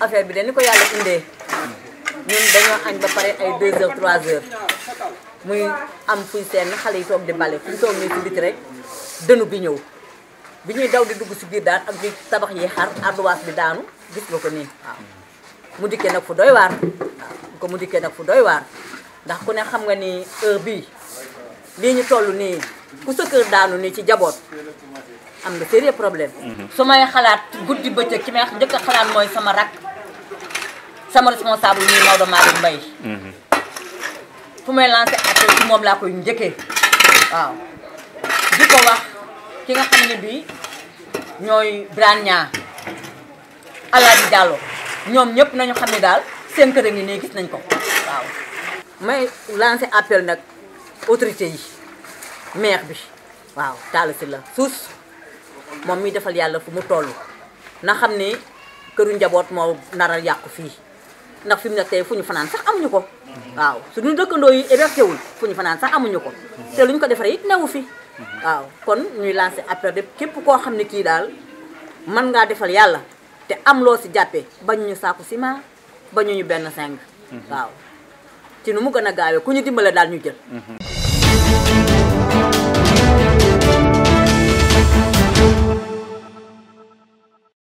affaire bi de ni ko yàlla indee ñun dañoo añ ba pare ay 2 heures 3 heures muy am fuñ seen xale yi toog di bale fuñ toog nii ci rek dënu bi ñëw bi ñuy daw di dugg ci biir daan ak bi tabax yi xar ardoise bi daanu gis nga ko nii mu dikkee nag fu doy waar mu dikkee nag fu doy ndax ku ne xam nga ni heure bii lii ñu toll nii ku sa kër daanu nii ci jaboot am nga sérieux problème mhm. su may xalaat guddi bëccëg ci may njëkk xalaat mooy sama rak sama responsable ñuy Maodo Malick Mbaye mhm. fu may lancé appel ci moom laa koy njëkkee waaw di ko wax ki nga xam ne bii ñooy Brania Alaaji Diallo ñoom ñëpp nañu xam ne daal seen kër a ngi nii gis nañ ko waaw. may lancé appel nag autorité yi maire bi waaw si la suus moom muy defal yàlla fu mu toll na xam ni këru njaboot moo naral yàqu fii ndax fi mu ne tey fu ñu fanaan sax amuñu ko waaw suñu dëkkandoo yi hébergé wul fu ñu fanaan sax amuñu ko te luñ ko defaree it newu fi waaw kon ñuy lancé appel de képp koo xam ne kii daal mën ngaa defal yàlla. te am loo si jàppee bañu ñu saaku ciment bañu ñu benn seng mhm. waaw ci nu mu gën a gaawee ku ñu dimbale daal ñu jël mhm.